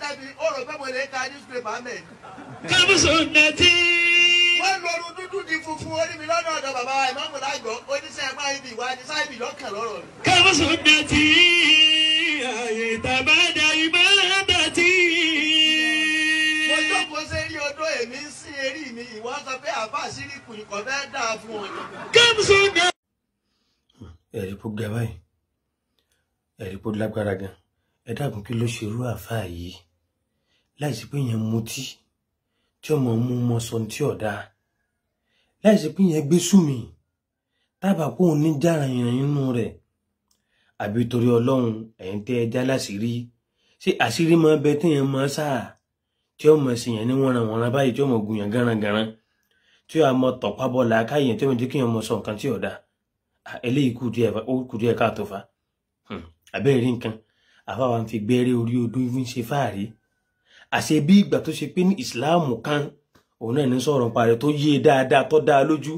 tẹ́bi ó rò pé mo lè ka newspaper mẹ́. kábùsùn nàtí. wọ́n lóru dúdú di funfun orí mi lọ́dọ̀ ọ̀dọ̀ bàbá ìmọ̀mù lágbọ̀ oníṣẹ́ ẹgbẹ́ ibi ìwà ni sáìbì lọ́kàn lọ́rọ̀ mi. kábùsùn nàtí àyè tàbádà ìmọ̀lá nàtí. mo jókòó sí eré odó èmi ń sí eré mi ìwọ sọ pé àbá àṣírí kùnìkan fẹ́ dáa fún ọ. kábùsùn nàtí. ẹ̀rí kó ga báyìí ẹ̀rí kó lágbára gan-an ẹ dákun kí ló ṣe irú àáfàá yìí láìsí pé yẹn mutí tí ọmọ mú mọ sọ tí ọ̀dà láìsí pé yẹn gbé súnmi tábà pé òun ní jára yìnyín nínú rẹ̀ àbí torí ọlọ́run ẹ̀yìn tẹ́ ẹ já láṣìírí ṣé àṣírí máa bẹ téèyàn máa sáà tí ọmọ ṣèyàn ní wọnranwọnran báyìí tí ọmọ gùnyàn garangaran tí ó tọ̀pá bọ̀ làákàyè tí ọmọ jẹ́ kí ọmọ sọ nǹkan tí ọ̀dà eléyìí kù díẹ̀ ká fa hmm, àbẹ́rẹ́ rí nǹkan àwa wa ń fi gbẹ́rẹ́ orí odó even ṣe fáàrí àṣẹ bí ìgbà tó ṣe pé ní ìsìláàmù kan òun náà ní sọ̀rọ̀ nípa rẹ̀ tó yé dáadáa tó dáa lójú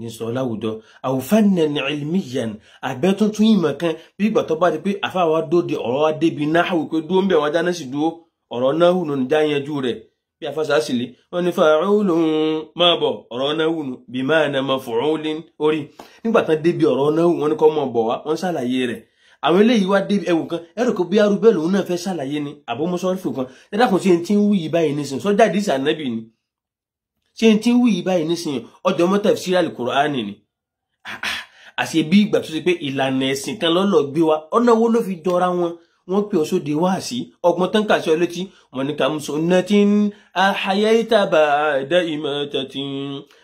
ní sọ láwùjọ àwòfánàní ilmiyan àbẹ tuntun ìmọ̀ kan bí ìgbà tó bá di pé àfáwa dóde ọ̀rọ̀ wa débi náhù pé dúró ń bẹ̀ wọn dáná sí dúró ọ̀rọ̀ náhù nù já yanjú rẹ̀ bí afásá sì lé wọn ní fàáhùn máa bọ̀ ọ̀rọ̀ náhù àwọn eléyìí wá débi ẹwù kan ẹrù kó bí arúgbó lòun náà fẹ́ ṣàlàyé ni àbọ̀mọ́sọ́rífò kan ẹ dákun sí ẹni tí ń wí yìí báyìí nísìnyí sọ́jà àdìsí ànábì ni ṣé ẹni tí ń wí yìí báyìí nísìnyí ọjọ́ mọ́tà síríàlì kùránì ni àṣẹ bí ìgbà tó ṣe pé ìlànà ẹ̀sìn kan lọ́lọ́ gbé wa ọ̀nà wo ló fi jọra wọn wọ́n pè ọ́ sóde wá sí ọgbọ́n tán kà sí ọ létí wọn ni kà ń sọ nàtí àhàyà ìtàbà àdá ìmọ̀ tàtí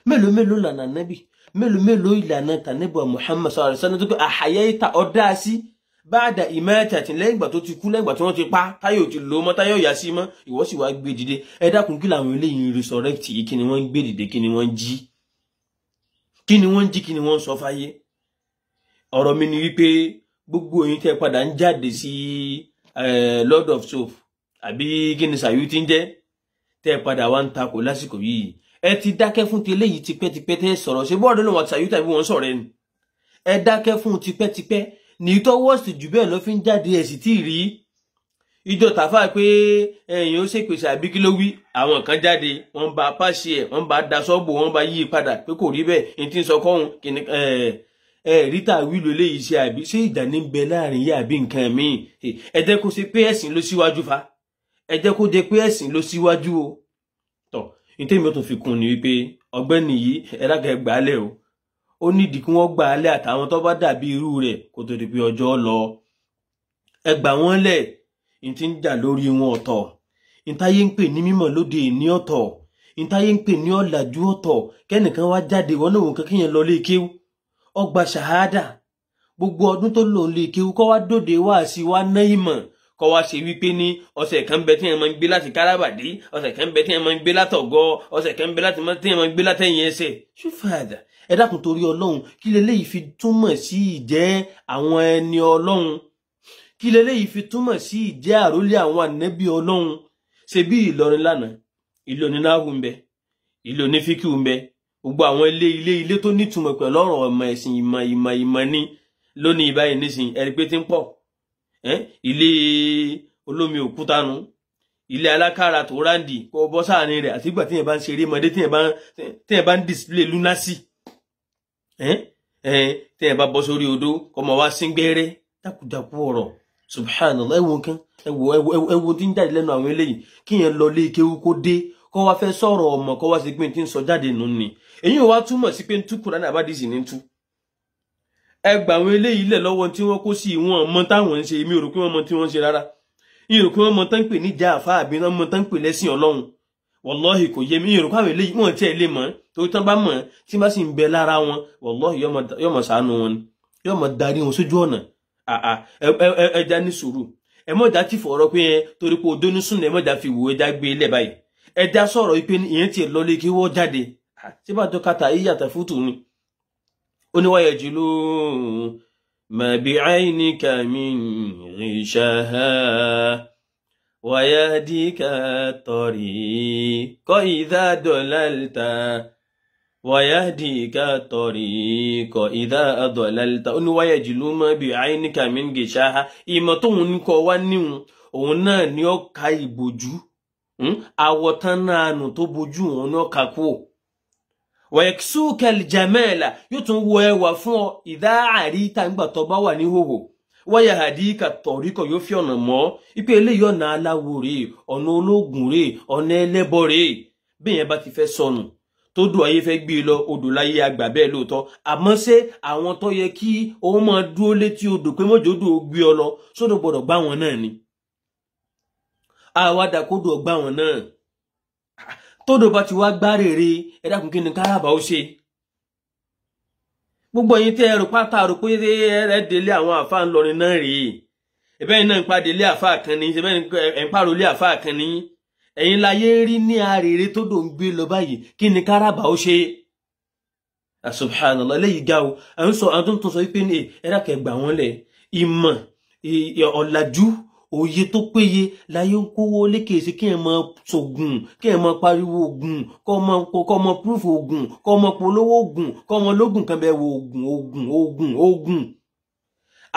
mélòó mélòó lànà nábì mélòó mélòó ìlànà tànẹ́bù Muhammad sallallahu alaihi wasallam tó kọ́ àhàyà ìtà ọ̀dá sí báàdà ìmẹ́ẹ̀tì àti lẹ́yìn ìgbà tó ti kú lẹ́yìn ìgbà tí wọ́n ti pa táyọ̀ ti lò mọ́ táyọ̀ yà sí mọ́ ìwọ sì wá gbé dìde ẹ dákun kí làwọn eléyìí resurrect yìí kí ni wọ́n ń gbé dìde kí ni wọ́n ń jí kí ni wọ́n ń jí kí ni wọ́n sọ fáyé ọ̀rọ̀ mi ni wípé gbogbo oyin tẹ́ padà ń jáde sí Lord of Soap àbí kí ni sàyú ti ń jẹ́ tẹ́ padà wá ń takò lásìkò yìí ẹ ti dákẹ́ fún ti eléyìí tipẹ́tipẹ́ tẹ́ sọ̀rọ̀ ṣe bọ́ọ̀dọ́ lòun àti sàyú tàbí wọ́n sọ̀rọ̀ ẹni ẹ dákẹ́ fún tipẹ́tipẹ́ ní tó wọ́ọ̀sì jù bẹ́ẹ̀ ló fi ń jáde ẹ̀ sì tí ì rí ìjọ tàfà pé ẹ̀yìn ó ṣèpèsè àbí kí ló wí àwọn kan jáde wọ́n bá pàṣẹ ẹ̀ wọ́n bá daṣọ́ bò wọ́n bá yí i padà pé kò rí bẹ́ẹ̀ ní tí ń sọ kọ́hún kìnnì ẹ ríta wílò eléyìí ṣe àbí ṣé ìjà ní bẹ láàrin yá àbí nǹkan míì ẹ jẹ́ kó ṣe pé ẹ̀sìn ló síwájú fa ẹ jẹ́ kó jẹ́ pé ẹ̀sìn ló síwájú o tọ ní tèmi ó tún fi kún ni wípé ọ̀gbẹ́ni yìí ẹ dákẹ́ gbàálẹ̀ o ó nídìí kí wọ́n gbà á lẹ̀ àtàwọn tó bá dàbí irú rẹ̀ kó tó di pé ọjọ́ lọ ẹ gbà wọ́n lẹ̀ n ti ń jà lórí wọn ọ̀tọ̀ ìtayé ń pè ní mímọ̀ lóde ìní ọ̀tọ̀ ìtayé ń pè ní ọ̀làjú ọ̀tọ̀ kẹ́nìkan wá jáde wọn náà wò kankan yẹn lọ lé kéwú ọgbà ṣàhádà gbogbo ọdún tó lò ń lè kéwu kọ́ wá dòde wá sí wá ná ìmọ̀ kọ́ wá ṣe wípé ní ọ̀sẹ̀ kan bẹ tí ẹ̀ máa ń gbé láti kárábàdí ọ̀sẹ̀ kan bẹ tí ẹ̀ máa ń gbé látọ̀gọ́ ọ̀sẹ̀ kan bẹ láti máa ń gbé látẹ̀yìn ẹsẹ̀ ṣùfàdà ẹ dákun torí ọlọ́run kí leléyìí fi túmọ̀ sí ìjẹ́ àwọn ẹni ọlọ́run kí leléyìí fi túmọ̀ sí ìjẹ́ àrólé àwọn ànẹ́bí ọlọ́run ṣe bí ìlọrin lánàá ìlú onínáwó ń bẹ ìlú onífíkì ń bẹ gbogbo àwọn ilé ilé ilé tó nítumọ̀ pẹ̀lú ọ̀rọ̀ ọmọ ẹ̀sìn ìmọ̀ ìmọ̀ ìmọ̀ ni lónìí ìbáyìí nísìn ẹ̀rí pé ti ń pọ̀ ilé olómi òkúta nu ilé alákàrà tó ráǹdì kọ́ bọ́ sáàrin rẹ̀ àtìgbà tíyẹn bá ń ṣeré mọ́dé tíyẹn bá ń display lunacy tẹ́ ẹ bá bọ́ sórí odó kọ́mọ wá sín gbẹ́rẹ́ dákúdákú ọ̀rọ̀ subhanallah ẹ̀wọ̀n kan ẹ̀wọ̀n tí ń jáde lẹ́nu àwọn eléyìí kíyẹn lọ lé kéwú kó dé kọ́ wá fẹ́ sọ̀rọ̀ ọmọ kọ́ wá sí pé tí ń sọ jáde nù ni èyí ò wá túmọ̀ sí pé ń tú kùránì àbádìsí ní tú ẹ gbà àwọn eléyìí lẹ̀ lọ́wọ́ tí wọ́n kó sí ìwọ̀n mọ táwọn ń ṣe èmi ò rò pé wọ́n mọ tí wọ́n ń ṣe rárá ìrò pé wọ́n mọ tán pè níjà àfáà àbí wọ́n mọ tán pè lẹ́sìn ọlọ́run wọlọ́hì kò yẹ mí ìrùkọ́ àwọn eléyìí wọ́n tiẹ̀ lè mọ́ torí tán bá mọ̀ tí bá sì ń bẹ lára wọn wọlọ́hì yọmọ sànú wọn ni darí wọn sójú ọ̀nà ẹja ní sùúrù ẹmọ́jà ti fọ̀rọ̀ pé yẹn torí pé odó ní ẹmọ́jà fi wò ẹja gbé báyìí ẹja sọ̀rọ̀ pé ìyẹn kí wọ́n jáde bá yíyàtọ̀ ni ó ní wáyé jù àìníkà mi ويهديك الطريق إذا ضللت ويهديك الطريق إذا أضللت ó ní wáyà jìlú mọ́ bí àìníkà mi ń gèṣà ìmọ̀ tóun ń kọ wá níhun òun náà ni ó ka ìbòjú àwọ̀tán náà nù tó bojú òun náà kà kú ò wẹ̀ksúkẹ̀lì jàmẹ́ẹ̀là yóò tún wo ẹwà fún ọ ìdá àríta nígbà tó bá wà ní hòhò wáyà àdíkà tọ̀ríkọ̀ yóò fi ọ̀nà mọ́ ipe eléyìí ọ̀nà aláwo rèé ọ̀nà ológun rèé ọ̀nà ẹlẹ́bọ rèé bíyẹn bá ti fẹ́ sọnù tó dùn ayé fẹ́ gbé e lọ odò láyé àgbà bẹ́ẹ̀ lóòótọ́ àmọ́ ṣé àwọn tó yẹ kí òun máa dúró létí odò pé mọ́jọ́dọ̀ gbé ọ lọ sódò gbọ́dọ̀ gbá wọn náà ni àwa dàkódò gbá wọn náà tódò bá ti wá gbá rèrè ẹ dákun kí ni káràbà ó ṣe gbogbo yín tẹ́ ẹrù pátá rò pé ẹrẹ délé àwọn àfa ńlọrin náà rèé ìbẹ́yìn náà ń pa délé àfa kan ní ìbẹ́yìn ẹ̀ ń pàrọ̀ lé àfa kan ní ẹ̀yin láyé rí ní arèrè tó dò ń gbé lọ báyìí kí ni káràbà ó ṣe subhanallah eléyìí ga o à ń sọ àwọn tó ń tún sọ wípé ẹ̀rá kẹgbà wọn lẹ̀ ìmọ̀ ọ̀làjú òye tó péye láyé ń kówó lé kèsì kí ẹ mọ sògùn kí ẹ mọ pariwo ògùn kọ mọ kọ mọ púrúfù ògùn kọ mọ polówó ògùn kọ mọ lógùn kan bẹ́ẹ̀ wo ògùn ògùn ògùn ògùn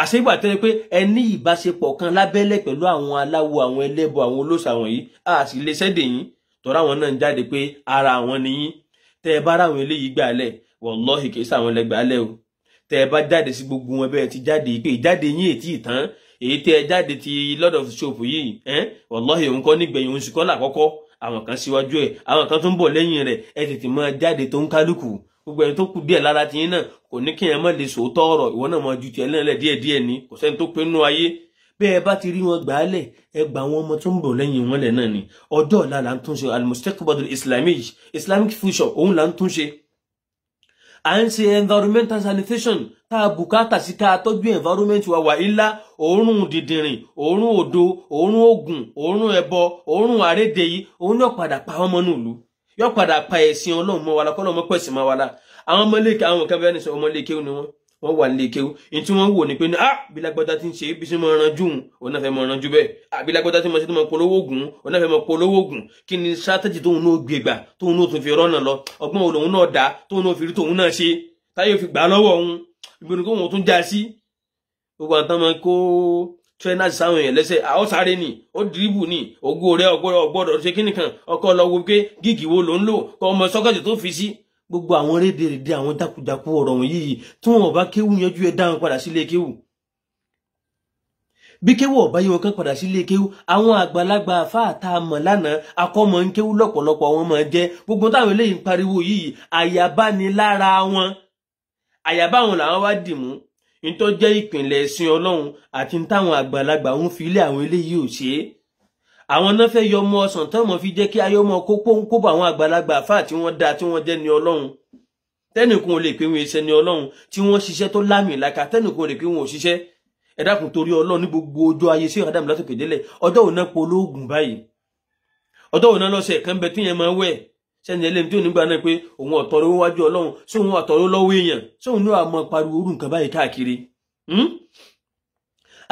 àṣegbà tó yẹ pé ẹ ní ìbáṣepọ̀ kan lábẹ́lẹ̀ pẹ̀lú àwọn aláwo àwọn ẹlẹ́bọ àwọn olóṣà wọ̀nyí a sì lè ṣẹ́dẹ̀ yín tọ́ra àwọn náà ń jáde pé ara àwọn nìyí tẹ́ ẹ bá ráwọn eléyìí gbà lẹ̀ wọ́lọ́hì kìí sáwọn lẹ́gbàá lẹ̀ o tẹ́ ẹ bá jáde sí gbogbo wọn bẹ́ẹ̀ ti jáde pé ìjáde yín ètí ìtàn èyí tẹ ẹ jáde ti lord of shop yìí ẹ wàláhì òun kọ́ nígbẹ̀yìn oṣù kọ́ làkọ́kọ́ àwọn kan síwájú ẹ àwọn kan tó ń bọ̀ lẹ́yìn rẹ̀ ẹ tètè máa jáde tó ń kálukú gbogbo ẹni tó kù díẹ̀ lára tiyín náà kò ní kí ẹ má lè sòótọ́ ọ̀rọ̀ ìwọ náà máa ju tiẹ̀ lẹ́lẹ̀ díẹ̀ díẹ̀ ni kò sẹ́ni tó pé nú ayé bí ẹ bá ti rí wọn gbà á lẹ̀ ẹ gba àwọn ọmọ tó ń bọ̀ lẹ́yìn wọn lẹ̀ náà ni ọjọ́ ọ̀la là ń túnṣe almustakbadul islamic islamic future òun là ń túnṣe à ń ṣe environmental sanitation tá a bùkátà sí ká tọ́jú environment wa wà ilá òórùn dìndìnrìn òórùn òdo òórùn ògùn òórùn ẹbọ òórùn àrédè yìí òun yóò padà pa ọmọ nùlù yóò padà pa ẹ̀sìn ọlọ́run mọ́ wa la kọ́ pẹ̀sìn mọ́ wa la àwọn ọmọ ilé àwọn kan fẹ́ẹ́ sọ ọmọ ilé kéwù ni wọ́n wọ́n wà nílé kéwú ní tí wọ́n wò ní pé ah bí lágbádá ti ń ṣe bí sí mọ ranjú òun òun náà fẹ́ mọ ranjú bẹ́ẹ̀ ah bí lágbádá ti mọ sí tó mọ polówó ògùn òun náà fẹ́ mọ polówó ògùn kí ni strategy tóun náà gbé gbà tóun náà tún fi rọ́nà lọ ọgbọ́n wo lòun náà dá tóun náà fi rí tóun náà ṣe táyé fi gbà lọ́wọ́ òun ìgbóni kó wọn tún já sí gbogbo àtàn máa kó trainers sáwọn èèyàn lẹ́sẹ̀ àwọn sáré ni ó dìríbù ni ògo rẹ ọgbọ́dọ̀ ṣe kíníkan ọkọ lọ wo pé gígì wo ló ń lò kọ ọmọ sọ́kẹ̀tì tó fi sí gbogbo àwọn rédèrèdè àwọn jákujàku ọ̀rọ̀ wọ̀nyí yìí tí wọn bá kéwù yanjú ẹ dáhùn padà sílé kéwù bí kéwù ọba yìí wọn kàn padà sílé kéwù àwọn àgbàlagbà àfáàtà mọ lánàá akọmọ ń kéwù lọ́pọ̀lọpọ̀ àwọn máa jẹ gbogbo táwọn eléyìí ń pariwo yìí àyàbá ni lára wọn àyàbá wọn làwọn wá dì mú nítọ́ jẹ́ ìpìnlẹ̀ ẹ̀sìn ọlọ́run àti táwọn àgbàlagbà ń fi ilé àwọn eléyìí ò ṣe àwọn náà fẹ́ yọ ọmọ ọsàn tán mọ̀ fi jẹ́ kí ayé ọmọ kópó ń kóbọ̀ àwọn àgbàlagbà àfáà tí wọ́n dáa tí wọ́n jẹ́ ni ọlọ́run tẹ́nìkun ò lè pé wọn ìṣẹ́ ni ọlọ́run tí wọ́n ṣiṣẹ́ tó lámì ìlàkà tẹ́nìkun ò lè pé wọn ò ṣiṣẹ́ ẹ dákun torí ọlọ́run ní gbogbo ọjọ́ ayé sí ọ̀dàmù látòkè délẹ̀ ọjọ́ òun náà polóògùn báyìí ọjọ́ òun náà lọ́sẹ̀ kan bẹ tíyẹn máa wẹ̀ sẹ́ni ẹlẹ́ni tí ò nígbà náà pé òun ọ̀tọ̀rọ̀ wájú ọlọ́run sóun ọ̀tọ̀rọ̀ lọ́wọ́ èèyàn sóun ní àmọ́ pariwo orú nǹkan báyìí káàkiri hmm?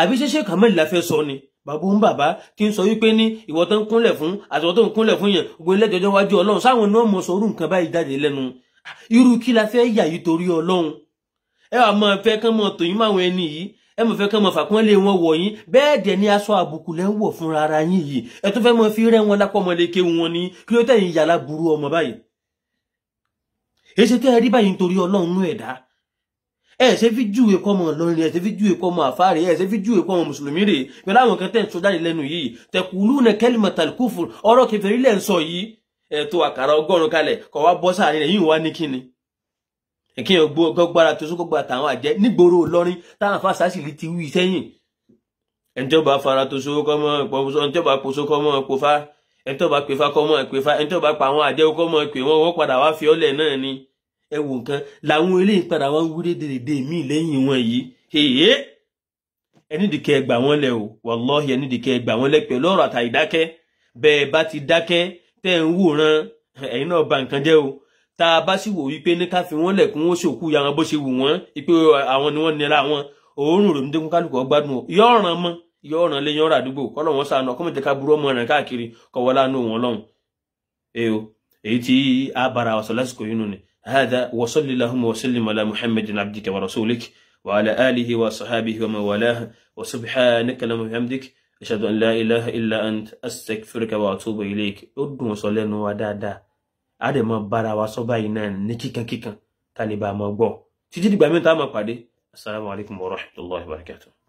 àbí ṣẹṣẹ kàmẹ́lì la fẹ́ sọ ni bàbá ń bàbá tí ń sọ wípé ní ìwọ tó ń kúnlẹ̀ fún àti ìwọ tó ń kúnlẹ̀ fún yẹn gbogbo ẹlẹ́jọ́jọ́ wájú ọlọ́run sáwọn náà mọ̀ sọ́rù nǹkan báyìí jáde lẹ́nu irú kí la fẹ́ yà yìí torí ọlọ́run ẹ wà máa fẹ́ kán mọ tòyín máwọn ẹni yìí ẹ mọ̀ fẹ́ kán mọ fàkún lé wọn wọ̀ yín bẹ́ẹ̀ dẹ̀ ni aṣọ àbùkù lẹ́ ń wọ̀ fúnra ara yín yìí ẹ tó fẹ́ mọ fi rẹ́ wọn lápọ̀ ọmọléke wọn ni kí ló tẹ̀yìn yàrá burú ọmọ báyìí èsì tẹ́ ẹ rí báyìí nítorí ọlọ́run nú ẹ̀dá ẹ ṣe fi júwe kọ́ ọmọ Ìlọrin ẹ ṣe fi júwe kọ́ ọmọ àfáàrí ẹ ṣe fi júwe kọ́ ọmọ mùsùlùmí rè pẹ̀lú àwọn kan tẹ̀ ń sọ jáde lẹ́nu yìí tẹ̀kùlù ní kẹ́límọ̀tàl kúfù ọ̀rọ̀ kẹfẹ́rí lẹ́ ń sọ yìí ètò àkàrà ọgọ́rùn kalẹ̀ kọ̀ wá bọ́ sáàrin rẹ̀ yìí wá ní kíni. kí ẹ gbọ́ gbọ́gbára tó sókó gba tàwọn àjẹ́ nígboro Ìlọrin táwọn afásásì lè ti wí sẹ́yìn. ẹnjọba fara tó sókó kọ́mọ ẹnjọba kó sókó kọ́mọ kó fa ẹnjọba pèfà kọ́mọ pèfà ẹnjọba pa àwọn àjẹ́ ẹ wò nǹkan làwọn eléyìí padà wọn wúlé dèdè mí lẹ́yìn wọn yìí hèhè ẹnìdìkẹ́ ẹgbà wọn lẹ o wàlọ́ọ̀hì ẹnìdìkẹ́ ẹgbà wọn lẹ pẹ̀lú ọ̀rọ̀ àtàyè dákẹ́ bẹ́ẹ̀ bá ti dákẹ́ tẹ́ ń wòran ẹ̀yin náà ba nǹkan jẹ́ o tá a bá sì wò wípé ní ká fi wọn lẹ̀kún wọn ṣòkú ya wọn bó ṣe wù wọn wípé àwọn ni wọn nira wọn òórùn ròmí dẹkùn kálukọ gbádùn o yọ̀ọ̀ràn mọ́ yọ̀ọ̀ràn lé yọ̀ọ̀ràn àdúgbò kọ́lọ̀ wọn sànù ọkọ́ mọ̀jẹ̀ká burú ọmọ rẹ̀ káàkiri kọ̀wọ́lá nù wọn lọ́hùn. èyí tí a bára ọ̀sán lásìkò yìí nù ni هذا وصل اللهم وسلم على محمد عبدك ورسولك وعلى آله وصحابه ومن والاه وسبحانك اللهم وبحمدك أشهد أن لا إله إلا أنت أستغفرك وأتوب إليك أدو وصلنا ودادا أدي ما برا وصبا ينان نكيكا كيكا تالي با ما بو تجي دي بامين تاما السلام عليكم ورحمة الله وبركاته